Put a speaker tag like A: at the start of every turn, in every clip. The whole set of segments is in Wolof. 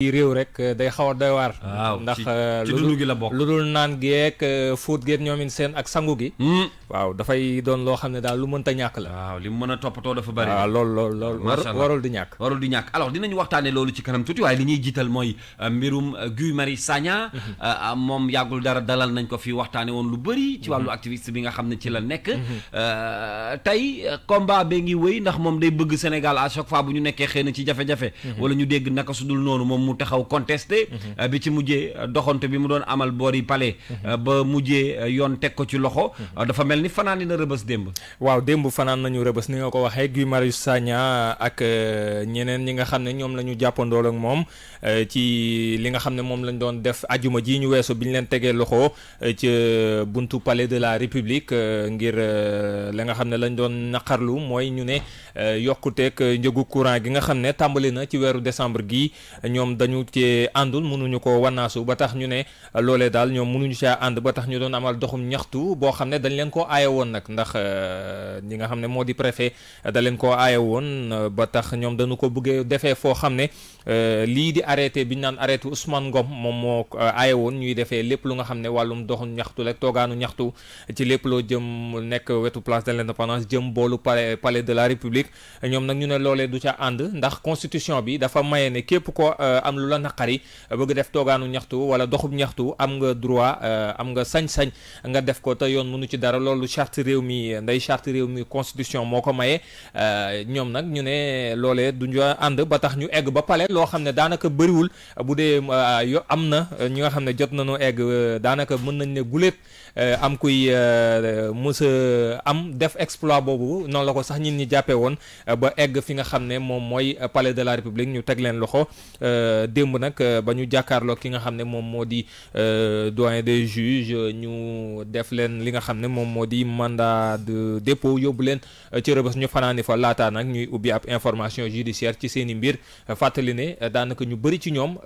A: ci euh, day xaw a doy waar ndax euh, lu dul naan geek euh, fóot geek ñoomin seen ak sangu gi hmm. waaw dafay doon loo xam ne daal lu mënta ñàkk la li mu mën a toppatoo
B: dafa bari ah, lool lool lool warul di ñàkk warul di ñàkk alors dinañu waxtaane loolu ci kanam tuuti waaye li ñuy jiital mooy mbirum Guy Marius Sagna mhm. ah, moom yàggul dara dalal nañ ko fi waxtaane woon lu bari ci mhm. wàllu activiste bi nga xam ne ci la nekk mhm. tey combat bee ngi wëy ndax moom day bëgg Sénégal à chaque bu ñu nekkee xëy na ci jafe-jafe wala ñu dégg naka su dul noonu moom mu taxaw contesté mhm. euh, bi ci mujjee euh, doxante bi mu doon amal boori pale mhm. euh, ba mujjee yoon teg ko ci loxo mhm. dafa mel ni fanaan na rëbës démb waaw démb fanaan nañu rëbës ni nga ko
A: waxee Guy Marius Sagna ak ñeneen ñi nga xam ne ñoom la ñu jàppandool moom ci li nga xam ne moom lañ doon def ajuma ji ñu weesu bi ñu leen tegee loxo ci buntu palais de la république ngir li nga xam ne lañ doon naqarlu mooy ñu ne Euh, yokkuteeg njëgu courant gi nga xam ne tàmbali na ci weeru décembre gi ñoom dañu cee àndul mënuñu ko wannaasu ba tax ñu ne loolee daal ñoom mënuñu caa ànd ba tax ñu doon amal doxum ñaxtu boo xam ne dañ leen koo aaye woon nag ndax euh, ñi nga xam ne moo di préfet da leen koo aaye woon ba tax ñoom dañu ko bëggee defee foo xam ne euh, di arrêté bi ñu naan arrêté Ousmane Ngom moom moo aaye woon ñuy defee lépp lu nga xam ne doxum ñaxtu rek toogaanu ñaxtu ci lépp loo jëm nekk wetu place de l'indépendance jëm bolu palais palais de la république ñoom nag ñu ne loolee du ca ànd ndax constitution bi dafa maye ne képp ko euh, am lu la naqari euh, bëgg def toogaanu ñaxtu wala doxub ñaxtu am nga droit euh, am nga sañ-sañ nga def ko te yoon mënu ci dara loolu charte réew mi nday charte réew mi constitution moo ko maye ñoom nag ñu ne loolee du ñu ànd ba tax ñu egg ba pale loo xam ne daanaka bëriwul bu dee yo am na ñi nga xam ne jot na nañoo egg daanaka mën nañ ne guléet am kuy mës a am def exploit boobu noonu la ko sax ñin ñi jàppee woon Euh, ba egg fi nga xam ne moom mooy euh, palais de la république ñu teg leen loxo euh, démb nag ba ñu jàkkaarloo ki nga xam ne moom moo di doyen des juges ñu def leen li nga xam ne moom moo di mandat de dépôt yóbbu leen ci rëbës ñu fanaani fa laataa nag ñuy ubbi ab information judiciaire ci seen i mbir fàttali ne daanaka ñu bëri ci ñoom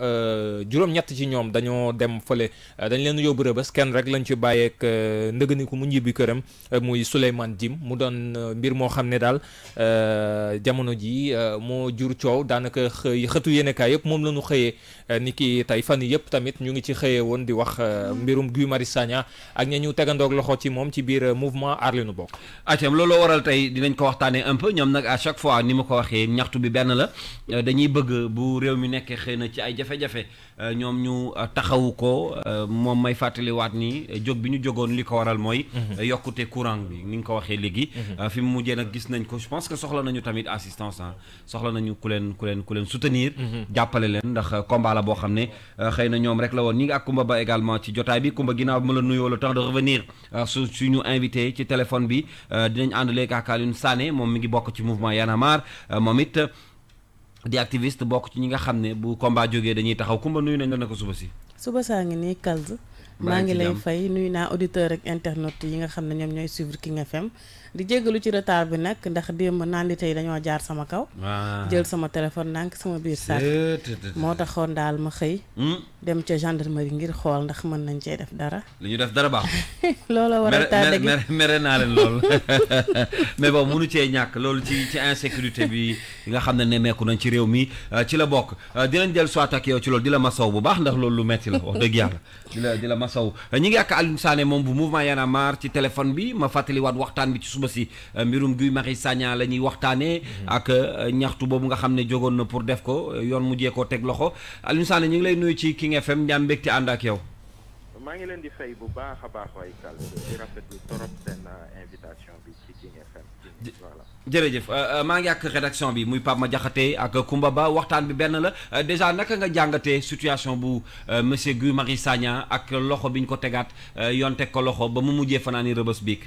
A: juróom-ñett ci ñoom dañoo dem fële dañ leen yóbbu rëbës kenn rek lañ ci bàyyeek ndëgëniku mu njibbi këram muy Souleymane Jim mu doon mbir moo xam ne daal Euh, jamono ji euh, moo jur coow daanaka xëy xëtu yéenekaay yëpp moom la ñu xëyee euh, ni ki tey fan yëpp tamit ñu ngi ci xëyee woon di wax mbirum Guy Marius Sagna ak ña ñu
B: tegandoog loxo ci moom ci biir mouvement aar bokk. atiam looloo waral tey dinañ ko waxtaanee un peu ñoom nag à chaque fois ni ma ko waxee ñaxtu bi benn la dañuy bëgg bu réew mi nekkee xëy na ci ay jafe-jafe ñoom ñu taxawu ko moom may fàttaliwaat ni jóg bi ñu jógoon li ko waral mooy. Mhm. yokkute courant soxla nañu tamit assistance hein soxla nañu ku leen ku leen ku leen soutenir. Mm-hmm. jappalé len ndax euh, combat la bo xamné euh, xeyna ñom rek la won ñi ngi ak Kumba Ba également ci jotaay bi Kumba ginaaw ma la nuyoo le temps de revenir euh, su suñu invité ci téléphone bi dinañ andalé léegi ak Alioune Sané mom mi ngi bok ci mouvement yanamar momit marre moom it di activiste bokk ci ñi nga xamné bu combat jógee dañuy taxaw Kumba nuyu nañ la naka suba ci
C: suba saa ngi nii Kalz. maa ngi lay fay nuyu na auditeur ak internautes yi nga xamné ñom ñoy suivre King FM. di jéggalu ci retard bi nag ndax démb naan li dañoo jaar sama kaw. jël sama téléphone ndànk sama biir sax. moo taxoon daal ma xëy. Hmm? dem ca gendarmerie ngir xool ndax mën nañ cee def dara.
B: li ñu def dara baax.
C: looloo war a
B: mere naa leen lool mais bon munu cee ñàkk loolu ci ci insécurité bi nga xam ne ne nemmeeku nañ ci réew mi euh, ci la bokk dinañ jël soit ak yow ci loolu di ma saw bu baax ndax loolu lu metti la wax dëgg yàlla di la di la ñi ngi ak Alioune Sané moom Y en a bi ma fàttaliwaat waxtaan bi ci suba si euh, mbirum Guy Marius Sagna la ñuy waxtaanee. Mhm. ak euh, ñaxtu boobu nga xam ne jógoon na pour def ko euh, yoon mujjee ko teg loxo Alioune Sané ñu ngi lay nuyu ci King FM ñaam mbégte ànd ak yow.
D: maa ngi leen di fay bu baax a baax waay Kal bi maa ngi ak
B: bi muy Pape Ma Diakhaté ak Koumba Ba waxtaan bi benn la déjà naka nga jàngatee situation bu monsieur Guy Marius Sagna ak loxo bi ñu ko tegaat yoon teg ko loxo ba mu mujjee fanaani rëbës biig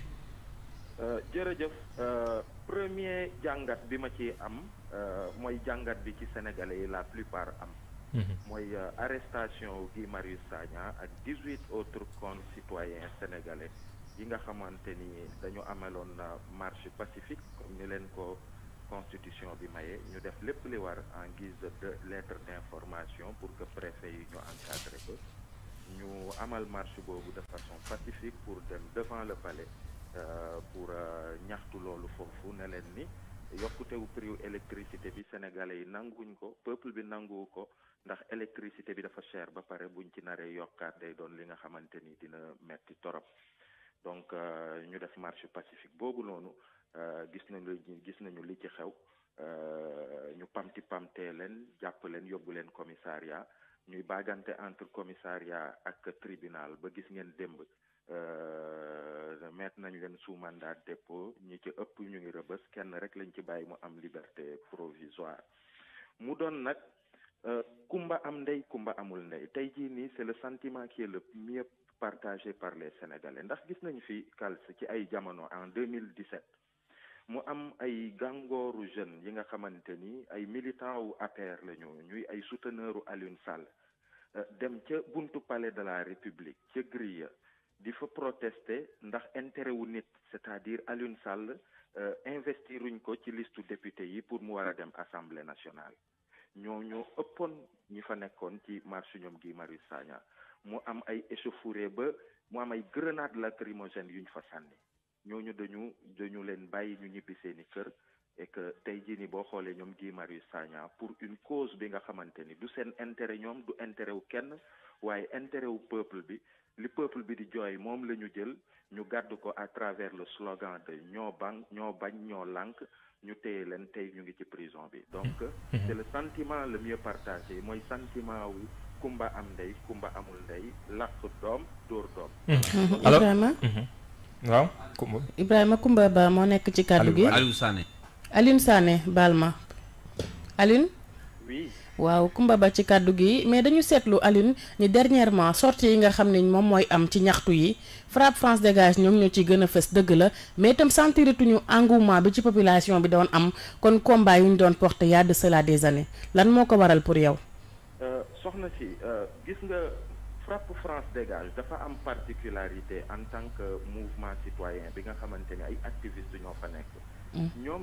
D: Euh, jërëjëf euh, premier jàngat bi ma ci am euh, mooy jàngat bi ci sénégalais yi la plupart am mhm. mooy arrestation Guy Marius Sagna ak dix-huit autres concitoyens sénégalais yi nga xamante ni dañu amaloon marche pacifique comme ni leen ko constitution bi maye ñu def lépp li war en guise de lettre d'information pour que préfet yi ñu encadré ko ñu amal marche boobu de façon pacifique pour dem devant le palais Eh, pour eh, ñaxtu loolu foofu ne leen ni yokkutewu prix électricité bi sénégalais yi nanguñ ko peuple bi nangu ko ndax électricité bi dafa cher ba pare buñ ci naree yokkaat day doon li nga xamante ni dina metti torop donc eh, ñu def marche pacifique boobu noonu gis nañu gis nañu li ci xew ñu pamti pamtee leen jàpp leen yóbbu leen commissariat ñuy baagante entre commissariat ak tribunal ba gis ngeen démb Euh, mettre nañ leen sous mandat dépôt ñi ci ëpp ñu ngi bës kenn rek lañu ci bàyyi mu am liberté provisoire mu doon nag euh, kumba am ndey kumba amul ndey tey jii nii c'est le sentiment qui est le mieux partagé par le sénégalais ndax gis nañ fi Kals ci ay jamono en deux mille 2017 mu am ay gàngooru jeunes yi nga xamante ni ay militants wu APR lañu ñuy ay souteneuru Aliou Sall euh, dem ca buntu palais de la République ca grille Il faut protester ndax intérêt unit, nit c'est-à-dire Alioune salle, euh, investiruñ ko ci listu député yi pour mu dem assemblée nationale ñoo ñoo ëppoon ñi fa nekkoon ci marche ñoom Guy Marius Sagna mu am ay échauffourée ba mu am grenade lacrymogène yu ñu fa sànni ñooñu dañu dañu leen bàyyi ñu ñibbi seeni kër et que tey jii ni boo xoolee ñoom Marius pour une cause bi nga xamante du seen intérêt ñoom du intérêt wu kenn waaye intérêt wu peuple bi le peuple bi di joy, mom lañu jël ñu à travers le slogan de ño bang, ño bañ ño lank ñu téye len tay ñu ngi ci prison bi donc mhm. c'est le sentiment le mieux partagé moy sentiment wu kumba am ndey kumba amul ndey lax doom dóor doom mhm. Mhm. alors Ibrahima
B: waaw kumba
C: Ibrahima Kumba Ba mo nekk ci kàddu gi Aliou Sané Aliou Sané Aliou oui waaw Kumba Ba ci mais dañu seetlu Aline dernièrement sortie yi nga xam ne moom am ci ñaxtu France Dégage ñoom a fës la mais engouement population bi am combat ñu de des années lan waral pour yow.
D: Euh, soxna euh, gis nga France Dégage am particularité en tant que mouvement citoyen bi nga ay activistes mm.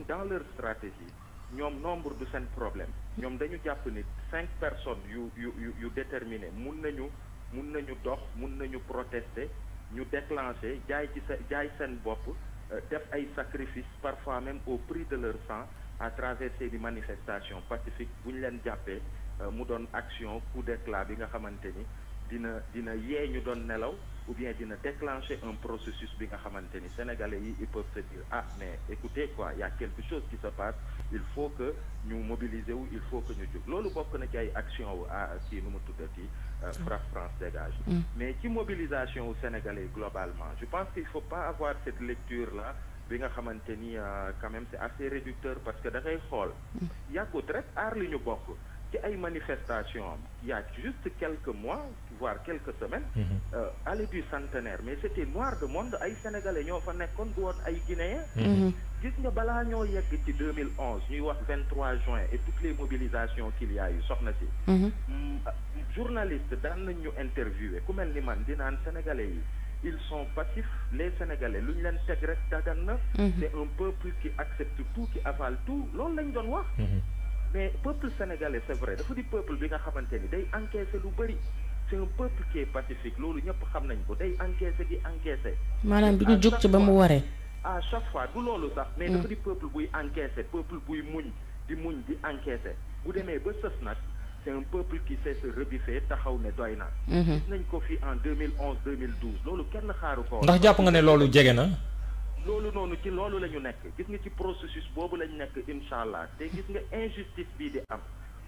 D: dans leur stratégie ñoom nombre du seen problème ñoom dañu jàpp ni cinq personnes yu yu yu déterminé mun nañu mun nañu dox mun nañu protester ñu déclencher jaay ci jaay seen bopp euh, def ay sacrifices parfois même au prix de leur sang à travers des manifestations pacifiques bu ñu leen jàppee euh, mu doon action coup d'éclat bi nga xamante ni dina dina yee ñu doon nelaw ou bien de déclencher un processus bi nga sénégalais ils peuvent se dire ah mais écoutez quoi il y a quelque chose qui se passe il faut que nous mobilisions wu il faut que nous jóg loolu bokk na ci ay action wu qui nous tout à France dégage mm. mais qui mobilisation au sénégalais globalement je pense qu'il ne faut pas avoir cette lecture là bi nga euh, quand même c'est assez réducteur parce que da il y a qu'au aar li ñu qui ci ay manifestation il y a juste quelques mois voire quelques semaines. à mhm. euh, du centenaire mais c'était noir de monde ay sénégalais ñoo fa nekkoon du à ay guinéens. Mhm. Mhm. gis nga balaa ñoo yegg ci 2011 ñuy wax 23 juin et toutes les mobilisations qu'il y a eu soxna si. Mm, euh, journaliste journalistes, interview. ñu interviewé ku mel les man di sénégalais ils sont passifs, les Sénégalais. L'Union Tegrec Tagana, c'est un peuple qui accepte tout, qui avale tout. L'on l'a moi mais peuple sénégalais, c'est vrai, peuple faut du peuple qui a encaissé le c'est un peuple qui pacifique loolu ñëpp xam nañ ko day encaissé di encaissé. maanaam du ñu jóg ci ba mu waree. à chaque fois du loolu sax. mais dafa di mm. peuple buy encaissé peuple buy muñ di muñ di encaissé bu demee ba sës nag c'est un peuple qui sait se rebiffer taxaw ne doy na. Mm-hmm. gis nañ ko fi en mille 2011 2012 loolu kenn xaaru ko. ndax jàpp nga ne
A: loolu jege na.
D: loolu noonu ci loolu la ñu nekk gis nga ci processus boobu lañ nekk incha allah te gis nga injustice bii di am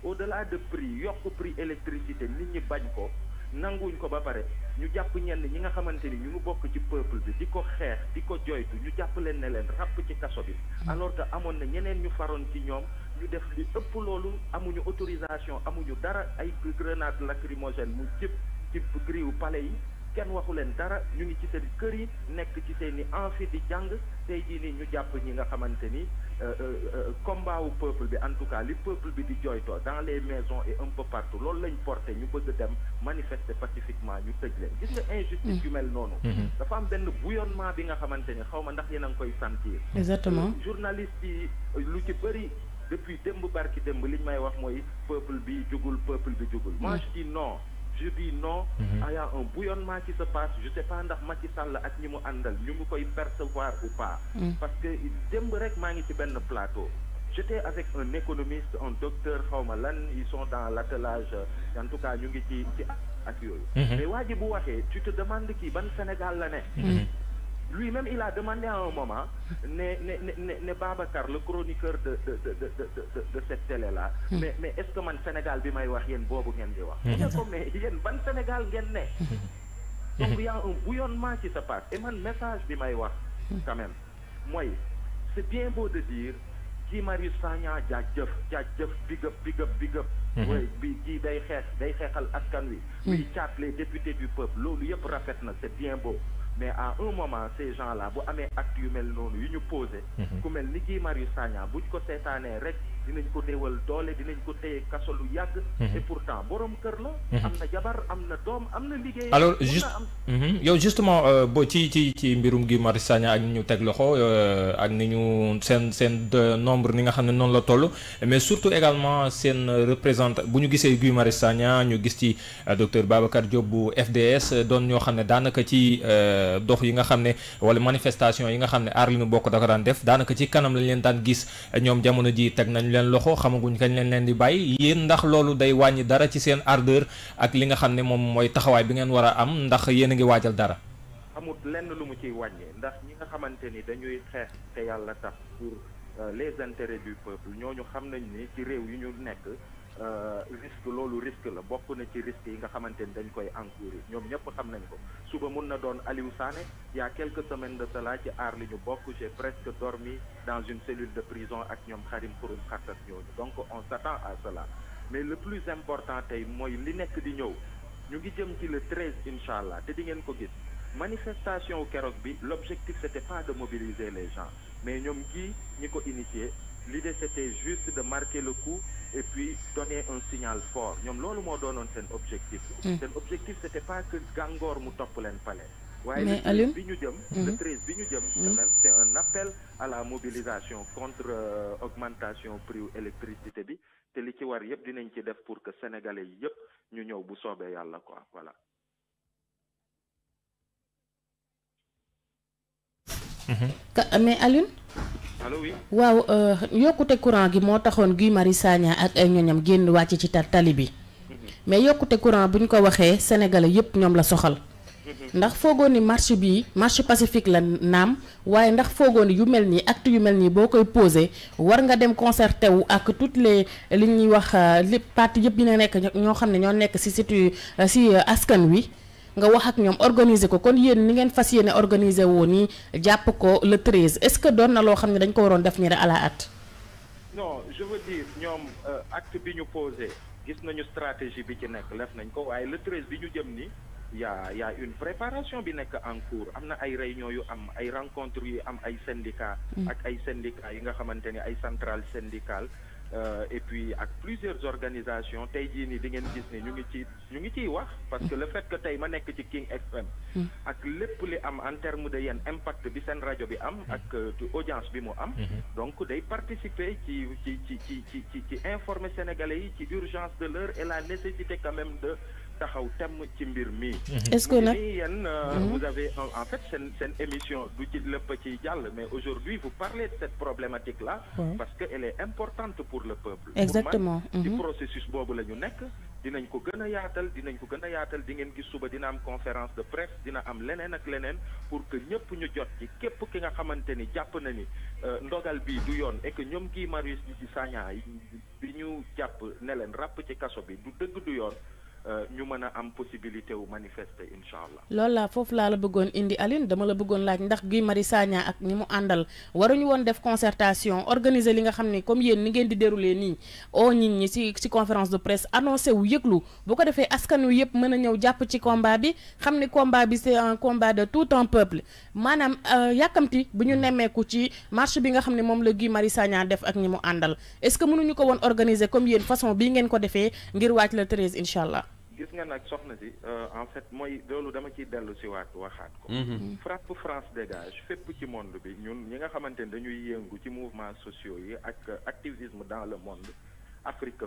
D: au delà de prix yokk prix électricité nit ñi bañ ko. nanguwuñ ko ba pare ñu jàpp ñenn ñi nga xamante ni ñu ngi bokk ci peuple bi di ko xeex di ko joytu ñu jàpp leen ne leen ràpp ci kaso bi hmm. alors te amoon na ñeneen ñu faroon ci ñoom ñu def li ëpp loolu amuñu autorisation amuñu dara ay grenade lacrymogène mu jëpp ci griwu pale yi kenn waxu dara ñu ngi ci seen kër yi nekk ci seen i amphi di jàng tey jii nii ñu jàpp ñi nga xamante ni euh, euh, euh, combat wu peuple bi en tout cas li peuple bi di jooytoo dans les maisons et un peu partout loolu lañ porté ñu bëgg dem manifester pacifiquement ñu tëj leen gis nga mm-hmm. injustice yu mel noonu mm-hmm. dafa am benn bouillonnement bi nga xamante ni xaw ma ndax yéen a ngi koy sentir exactement journaliste yi lu ci bëri depuis démb barki démb liñ may wax mooy peuple bi jugul peuple bi jugul moi mm-hmm. je dis non je dis non. il mhm. y a un bouillonnement qui se passe je sais pas ndax Macky Sall ak ñi mu àndal ñu ngi koy percevoir ou pas. Mm. parce que démb rek maa ngi ci benn plateau. j'étais avec un économiste un docteur xawma lan ils sont dans l'attelage en tout cas ñu ngi ci ci ak yooyu. Mhm. mais waa ji bu waxee tu te demandes kii ban Sénégal la ne. Mhm. Lui-même, il a demandé à un moment, né, né, né, Baba Babacar, le chroniqueur de, de, de, de, de, de cette télé-là, hmm. mais, mais est-ce que mon Sénégal, je vais un Bobo Gendewa Il a comme, il y a Sénégal, hmm. Donc il y a un bouillonnement qui se passe. Et mon message, je hmm. quand même, moi, c'est bien beau de dire, Guy Marius Sanya, Djadjef, Djadjef, big up, big up, big up. Oui, Guy Daykhek, Daykhekal Askanwi, oui, Tchak, les députés du peuple, l'eau, c'est bien beau. Mais à un moment, ces gens-là, vous ah, avez actuellement, humain, ils nous posent. Mm-hmm. Comme le Marius Sagna, vous êtes un rec. dinañ ko néewal doole dinañ ko téye kaso lu yàgg. Mhm. et pourtant borom kër la. Mhm. am na jabar am na doom am na liggéey. alors juste
A: mhm. yow justement euh, bo ci ci ci mbirum Guy Marius Sagna ak ni ñu teg loxo euh, ak ni ñu seen seen nombre ni nga xam ne noonu la toll mais surtout également seen représentant bu ñu gisee Guy Marius Sagna ñu gis ci euh, docteur Babacar Diop bu FDS doon ñoo xam ne daanaka ci dox yi nga xam ne wala manifestation yi nga xam ne aar li ñu bokk da daan def daanaka ci kanam lañ leen daan leen loxo xamaguñ kañ leen leen di bàyyi yéen ndax loolu day wàññi dara ci seen ardeur ak li nga xam ne moom mooy taxawaay bi ngeen war a am ndax yéen a ngi waajal dara.
C: amut lenn lu mu ciy
D: wàññi ndax ñi nga xamante ni dañuy xeex te yàlla tax pour euh, les intérêts du peuple ñooñu xam nañ ni ci réew yu ñu nekk. Euh, risque loolu risque la bokk na ci risque yi nga xamante ni dañ koy encourir ñoom ñëpp xam nañ ko suba mun na doon Aliou Sané il y a quelques semaines de cela ci aar li ñu bokk j'ai presque dormi dans une cellule de prison ak ñoom Karim Xrum Xax ñooñu donc on s'attend à cela mais le plus important tey mooy li nekk di ñëw ñu ngi jëm ci le 13 incha allah te di ngeen ko gis manifestation keroog bi l'objectif c'était pas de mobiliser les gens mais ñoom kii ñi ko initié l'idée c'était juste de marquer le coup et puis donner un signal fort Nous avons moo donné, seen objectif hmm. seen objectif n'était pas que Gangor nous top leen palais waaye le 13 hmm. le 13, jëm hmm. c'est un appel à la mobilisation contre euh, augmentation prix électricité bi ce li ci war yëpp dinañ ci def pour que sénégalais yi yëpp ñu ñëw bu
C: mais Alune allo oui. waaw euh, yokkute courant gi moo taxoon Guy Marius Sagna ak ay ñoñam génn wàcc ci tali bi mhm. mais yokkute courant bu ñu ko waxee sénégalais yëpp ñoom la soxal. Mhm. ndax foogoon ni marché bii marché pacifique la naam waaye ndax foogoon yu mel nii acte yu mel nii boo koy posé war nga dem concerté wu ak toutes les li ñuy wax euh, li parti yëpp bi na nekk ñoo xam ne ñoo nekk ci surtout ci askan wi. nga wax ak ñom organiser ko kon yeen ni ngeen fas organiser wo ni japp ko le 13 est-ce que doon na loo xam dañ ko waron def ni ala at.
D: non je veux dire ñoom euh, acte bi ñu posé gis nañu stratégie bi ci nek lef nañ ko waye le 13 bi ñu jëm ni y a y a une préparation bi nek en cours amna ay réunion yu am ay rencontres yu am ay syndicats. Mm. ak ay syndicats yi nga xamanteni ay centrales syndicales. Euh, et puis avec plusieurs organisations parce que le fait que tay ma nek ci King FM. Hmm. ak les li am en terme de impact bi sen Radio bi am. Hmm. Euh, audience am. Hmm. donc day participer ci ci sénégalais yi de l'heure et la nécessité quand même de taxaw ci mbir est-ce que nag euh, mhm. vous avez en fait c'est une émission du ci lépp ci jàll mais aujourd'hui vous parlez de cette problématique là parce que elle est importante pour le peuple exactement ci mhm. processus boobu la nek dinañ ko gëna yaatal dinañ ko gëna yaatal di ngeen gis suba dina am conférence de presse dina am leneen ak leneen pour que ñëpp ñu jot ci képp ki nga xamante ni jàpp na ni euh, ndogal bi du yoon et que ñoom kii Marius Sagna bi ñu jàpp ne leen ci kaso bi du dëgg du yoon Euh, ñu mën a am
C: loolu la foofu laa la bëggoon indi alin dama la bëggoon laaj ndax Guy Marius Sagna ak ñi mu àndal waruñu woon def concertation organiser li nga xam ne comme yéen ni ngeen di dérouler nii oo ñi ci ci conférence de presse annoncé wu yëglu bu ko defee askan wi yëpp mën a ñëw jàpp ci combat bi xam ne combat bi c'est un combat de tout un peuple maanaam euh, yàkkamti bu ñu nemmeeku ci marche bi nga xam ni moom la Guy Marius Sagna def ak ñi mu àndal est-ce que mënuñu ko woon organiser comme yéen façon bi ngeen ko defee ngir waaj la 13 incha allah.
D: gis nga nag soxna euh, en fait mooy loolu dama ciy dellu si waat waxaat ko. Mhm. Mhm. frappe France dégage fépp ci monde bi ñun ñi nga xamante dañuy yëngu ci mouvement sociaux yi ak activisme dans le monde Afrique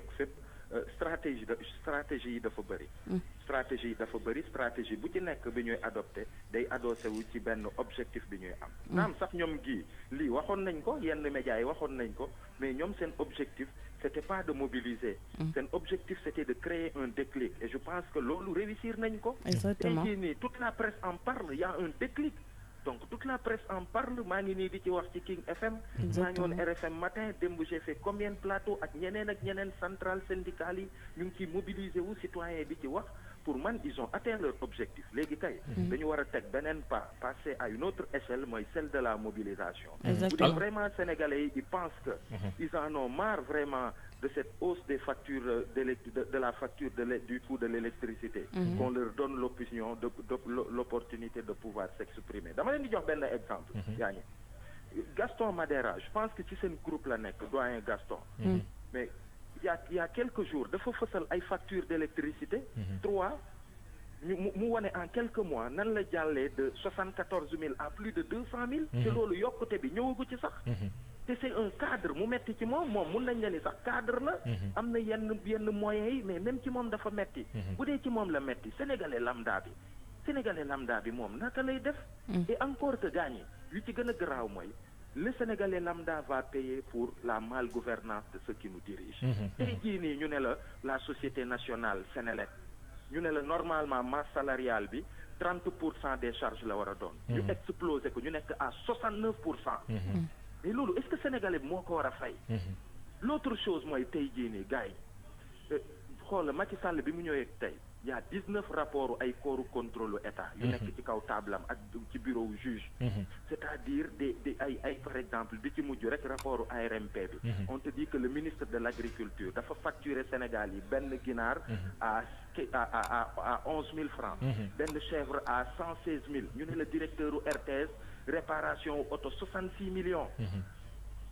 D: euh, stratégie da stratégie yi dafa bëri mm. stratégie yi dafa bëri stratégie bu ci nekk bi ñuy adopté day adossé wu ci benn objectif bi ñuy am mm. naam sax ñoom gii lii waxoon nañ ko yenn médias yi waxoon nañ ko mais ñoom seen objectif c'était pas de mobiliser mm. seen objectif c'était de créer un déclic et je pense que loolu réussir nañ ko exactement nii toute la presse en parle il y a un déclic donc toute la presse en parle maa ngi King FM. maa RFM matin démb fait combien de plateaux avec ak centrales syndicales nous qui mobilisons les citoyens ils ont atteint leur objectif Les kay ils mhm. ne pas passer à une autre échelle celle de la mobilisation Vraiment, dites vraiment sénégalais ils pensent qu'ils mhm. en ont marre vraiment de cette hausse des factures euh, de, la facture du coût de l'électricité On mhm. qu'on leur donne l'opinion de, l'opportunité de pouvoir s'exprimer Dans exemple Gaston Madera je pense que c'est une groupe la doit un Gaston mais il y a il y a quelques jours dafa fësal ay facture d'électricité mhm. trois ñu mu wane en quelques mois nan la jàllee de 74 mille à plus de 200 cent mille mhm. te loolu yokkute bi ñëwagu ci sax mhm. te c'est un cadre mu metti ci moom moom mun nañ la sax cadre la am na yenn yenn moyens mais même ci moom dafa metti vous dee ci moom la metti sénégalais lambda bi sénégalais lambda bi n'a naka lay def mm. et encore te gagner lui ci gagnes grave garaaw le Sénégalais lambda va payer pour la malgouvernance de ceux qui nous dirigent. Mhm. Mhm. tey jii la la société nationale sénégalaise, Nous sommes la normalement masse salariale 30% des charges la war donne. Il Nous explosé ko ñu à 69%. Mhm. mais est-ce que le Sénégalais est encore à war l'autre chose moi, c'est que le Macky Sall bi mu il y a 19 rapports ay corps contrôle état yu mhm. nek ci kaw table am ak ci bureau juge mhm. c'est-à-dire par exemple le ci muju rek rapport à bi mhm. on te dit que le ministre de l'agriculture dafa facturer Sénégal yi ben à 11 000 francs le chèvre à 116 000. Nous ñu le directeur de RTS réparation auto 66 millions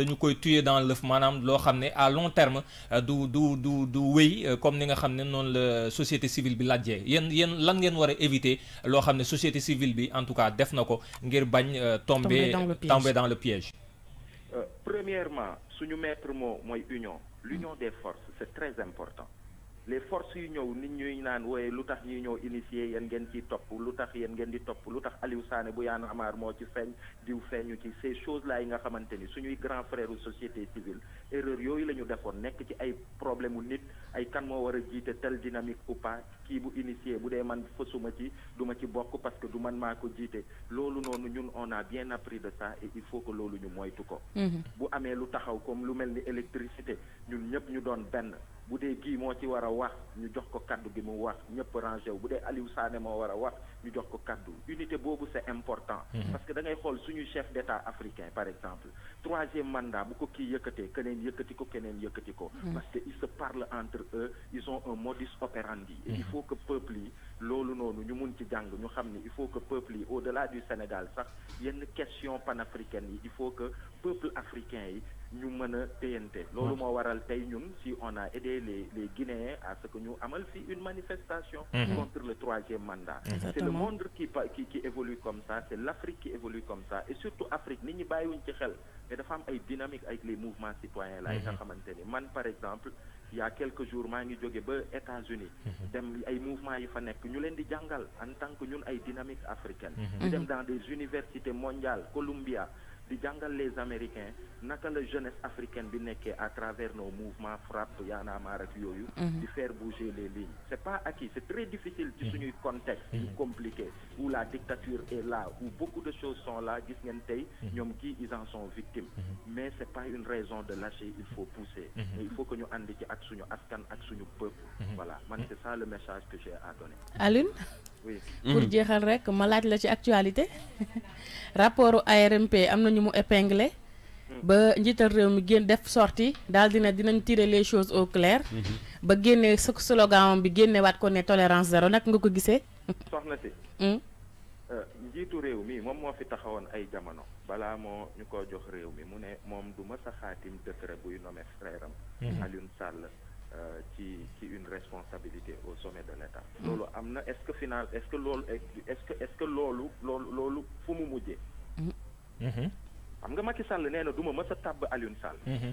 A: dañu koy tuer dans l'œuf manam lo xamné à long terme euh, du du du du wéy euh, comme ni nga xamné non la société civile bi lajjee yeen yeen lan ngeen wara éviter lo xamné société civile bi en tout cas def nako ngir bagn euh, tomber tomber dans le piège
D: premièrement suñu maître mot moy union l'union des forces c'est très important les forces yu ñëw nit ñuy naan wooye lu tax ñuy ñëw initier yéen ngeen ciy topp lu tax yéen ngeen di topp lu tax Aliou Sané bu yaan amar moo ci feñ diw feeñu ci ces choses là yi nga xamante ni suñuy grand frère u société civile erreur yooyu la ñu defoon nekk ci ay problème wu nit ay kan moo war a jiite tel dynamique ou pas kii bu initier bu dee man fësuma ci du ma ci bokk parce que du man maa ko jiite loolu noonu ñun on a bien appris de ça et il faut que loolu ñu moytu ko mhm. bu amee lu taxaw comme lu mel ni électricité ñun ñëpp ñu doon benn bu dee mo ci wara wax ñu jox ko cadeau gi mu wax ñepp rangé wu Aliou Sané mo wara wax ñu jox ko cadeau unité bobu c'est important. Mhm. parce que da ngay xol suñu chef d'état africain par exemple troisième mandat bu ko ki yëkëté keneen yëkëti ko keneen yëkëti ko. Mhm. parce que ils se parlent entre eux ils ont un modus operandi. et il mhm. faut que peuple yi lolu nonu ñu mën ci jang ñu xamni il faut que peuple yi au-delà du Sénégal sax yenn question panafricaine yi il faut que peuple africain yi nous menons TNT. téyante de moo waral tey ñun si on a aidé les les Guinéens à ce que nous amal une manifestation mm-hmm. contre le troisième mandat c'est le monde qui qui qui évolue comme ça c'est l'Afrique qui évolue comme ça et surtout Afrique Nous ñi une ci xel mais dafa am ay dynamique avec les mouvements citoyens là yi mm-hmm. man par exemple il y a quelques jours Man, ngi jóge ba États-Unis mm-hmm. dem ay mouvements yi fa nekk ñu en tant que ñun ay dynamique africaine dem dans des universités mondiales Columbia les américains naka la jeunesse africaine à travers nos mouvements frappent yana marat yoyu mhm. faire bouger les lignes c'est pas acquis c'est très difficile du mhm. suñuy contexte mhm. compliqué où la dictature est là où beaucoup de choses sont là gis ils en sont victimes mais c'est pas une raison de lâcher il faut pousser il faut que ñu àndi ci ak suñu askan ak suñu peuple voilà c'est ça le message que j'ai à donner
C: Alune pour mhm. jeexal rek ma laaj la ci actualité rapport ARMP am na ñu mu épinglé. Hmm. ba njiital réew mi génn def sorti daal na dinañ tirer les choses au clair. Mhm. ba génne sa slogan bi génne waat ko ne tolérance zéro nag nga ko gisee. soxna si. Hmm?
D: Euh, njiitu réew mi moom moo fi taxawoon ay jamono balaa moo ñu ko jox réew mi mu ne moom du ma xaatim décret buy nommé frère am mhm. Alioune ci euh, ci une responsabilité au sommet de l'État loolu amna, est-ce que final est-ce que lolo, est-ce que est-ce que lolo, lolo, fumu fu mu -hmm. Mm-hmm. Am nga Macky Sall néna duma du ma mës a tàbb -hmm.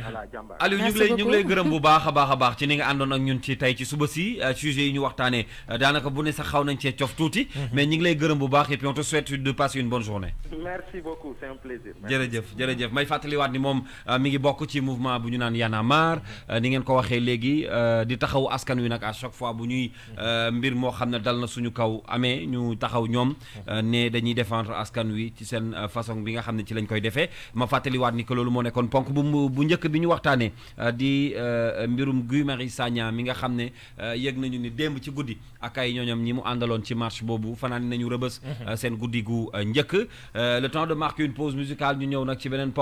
B: voilà jàmbaar Aliou ñu ngi lay ñu ngi lay gërëm bu baax a baax a baax ci ni nga àndoon ak ñun ci tey ci suba si euh, sujet yi ñu waxtaanee euh, daanaka bu ne sax xaw nañ cee cof tuuti. Mhm. mais ñu ngi lay gërëm bu baax et puis on te souhaite de une bonne journée.
D: jërëjëf jërëjëf may
B: fàttaliwaat ni moom euh, mi ngi bokk ci mouvement bu ñu naan Y'en a marre ni ngeen ko waxee léegi di taxaw askan wi nag à chaque fois bu ñuy mbir moo xam ne dal na suñu kaw amee ñu taxaw ñoom ne dañuy défendre askan wi ci seen façon bi nga xam ne ci lañ koy defee ma jëkk bi ñu waxtaanee euh, di euh, mbirum Guy Marius Sagna mi nga xam ne euh, yëg nañu ni démb ci guddi ak ay ñooñam ñi mu àndaloon ci marche boobu fanaan nañu rëbës. Mhm. seen guddi gu njëkk le temps de marquer une pause musicale ñu ñëw nag ci beneen